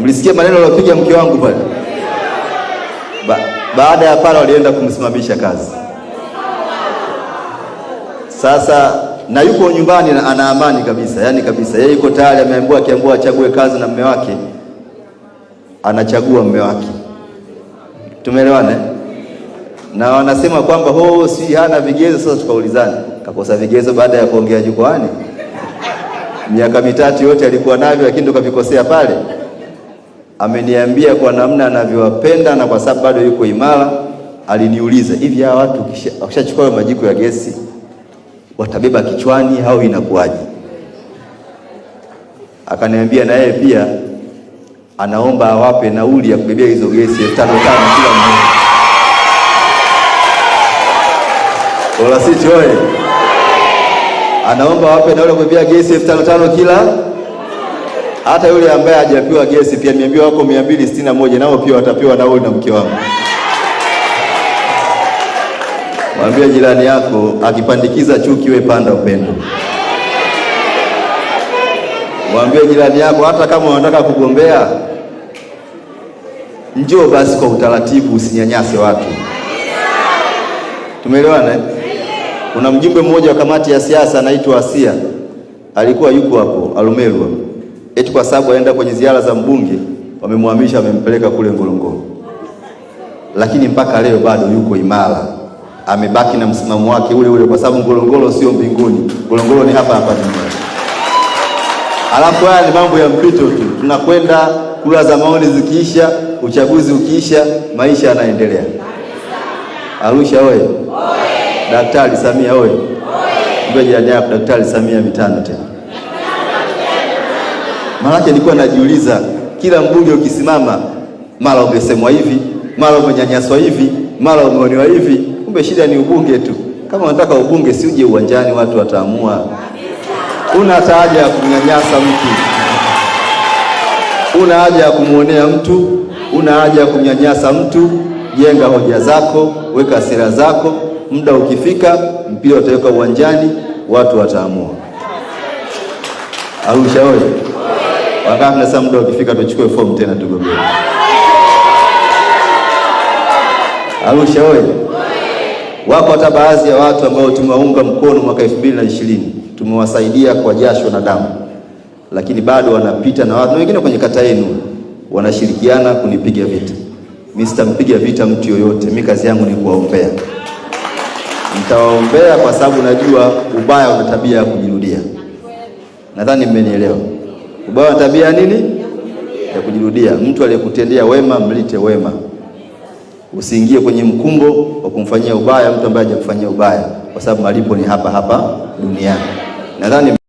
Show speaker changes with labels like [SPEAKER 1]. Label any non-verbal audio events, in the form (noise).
[SPEAKER 1] Mlisikia maneno aliyopiga mke wangu pale? Ba baada ya pale walienda kumsimamisha kazi. Sasa na yuko nyumbani na ana amani kabisa, yani kabisa yeye yuko tayari, ameambiwa akiambiwa achague kazi na mme wake anachagua mme wake. Tumeelewana? Eh? Na wanasema kwamba ho, oh, si hana vigezo. Sasa tukaulizana, kakosa vigezo baada ya kuongea jukwani? (laughs) Miaka mitatu yote alikuwa navyo, lakini ndo kavikosea pale ameniambia kwa namna anavyowapenda na kwa sababu bado yuko imara. Aliniuliza, hivi hawa watu wakishachukua hayo majiko ya gesi watabeba kichwani au inakuwaje? Akaniambia na yeye pia anaomba awape nauli ya kubebea hizo gesi elfu tano tano kila mmoja. Ola si choe, anaomba awape nauli ya kubebea gesi elfu tano tano kila hata yule ambaye hajapewa gesi pia niambiwa wako mia mbili sitini na moja nao pia watapewa nauli na mke wangu. Mwambie jirani yako akipandikiza chuki, we panda upendo. Mwambie jirani yako hata kama unataka kugombea, njoo basi kwa utaratibu, usinyanyase watu. Tumeelewana? Eh? Kuna mjumbe mmoja wa kamati ya siasa anaitwa Asia, alikuwa yuko hapo Arumeru eti kwa sababu aenda kwenye ziara za mbunge, wamemhamisha wamempeleka kule Ngorongoro, lakini mpaka leo bado yuko imara, amebaki na msimamo wake ule ule, kwa sababu Ngorongoro sio mbinguni, Ngorongoro ni hapa hapa duniani. Alafu haya ni mambo ya mpito tu, tunakwenda kura za maoni zikiisha, uchaguzi ukiisha, maisha yanaendelea. Arusha oye! Daktari Samia oye! Mbe jirani yako Daktari Samia mitano tena. Maanake nilikuwa najiuliza kila mbunge ukisimama, mara umesemwa hivi, mara umenyanyaswa hivi, mara umeonewa hivi. Kumbe shida ni ubunge tu. Kama unataka ubunge, si uje uwanjani, watu wataamua. Una haja ya kumnyanyasa mtu? Una haja ya kumwonea mtu? Una haja ya kumnyanyasa mtu? Jenga hoja zako, weka sira zako. Muda ukifika, mpira utaweka uwanjani, watu wataamua. Arusha oye! Wangapi nasema muda ukifika tuchukue fomu tena tugombee? Arusha oye! Wako hata baadhi ya watu ambao tumewaunga mkono mwaka elfu mbili na ishirini, tumewasaidia kwa jasho na damu, lakini bado wanapita na watu wengine kwenye kata yenu wanashirikiana kunipiga vita. mi sitampiga vita mtu yoyote, mimi kazi yangu ni kuwaombea. Nitawaombea kwa sababu najua ubaya una tabia ya kujirudia. Nadhani mmenielewa ubaya wa tabia nini? Ya kujirudia. Mtu aliyekutendea wema mlite wema, usiingie kwenye mkumbo wa kumfanyia ubaya mtu ambaye hajakufanyia ubaya, kwa sababu malipo ni hapa hapa duniani. Nadhani